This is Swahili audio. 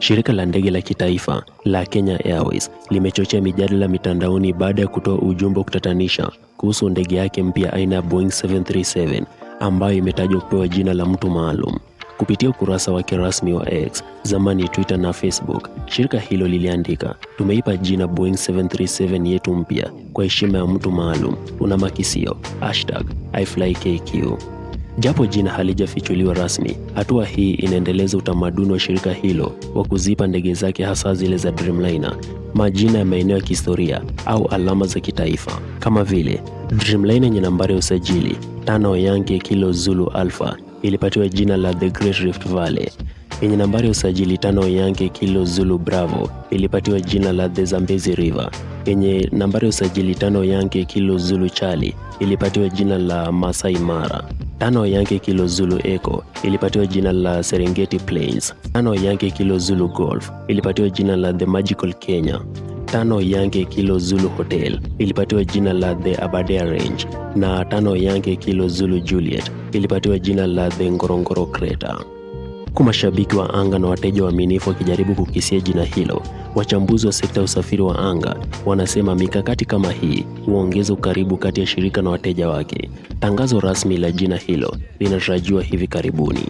Shirika la ndege la kitaifa la Kenya Airways limechochea mijadala mitandaoni baada ya kutoa ujumbe wa kutatanisha kuhusu ndege yake mpya aina ya Boeing 737 ambayo imetajwa kupewa jina la mtu maalum. Kupitia ukurasa wake rasmi wa X, zamani Twitter na Facebook, shirika hilo liliandika, tumeipa jina Boeing 737 yetu mpya kwa heshima ya mtu maalum. Una makisio iflykq. Japo jina halijafichuliwa rasmi, hatua hii inaendeleza utamaduni wa shirika hilo wa kuzipa ndege zake hasa zile za Dreamliner majina ya maeneo ya kihistoria au alama za kitaifa kama vile Dreamliner yenye nambari ya usajili tano yangi Kilo Zulu Alpha ilipatiwa jina la The Great Rift Valley yenye nambari ya usajili tano yangi Kilo Zulu Bravo ilipatiwa jina la The Zambezi River yenye nambari ya usajili tano yangi Kilo Zulu chali ilipatiwa jina la Masai Mara. Tano Yankee Kilo Zulu Echo ilipatiwa jina la Serengeti Plains. Tano Yankee Kilo Zulu Golf ilipatiwa jina la The Magical Kenya. Tano Yankee Kilo Zulu Hotel ilipatiwa jina la The Aberdare Range na Tano Yankee Kilo Zulu Juliet ilipatiwa jina la The Ngorongoro Crater. Huku mashabiki wa anga na wateja waaminifu wakijaribu kukisia jina hilo, wachambuzi wa sekta ya usafiri wa anga wanasema mikakati kama hii huongeza ukaribu kati ya shirika na wateja wake, Tangazo rasmi la jina hilo linatarajiwa hivi karibuni.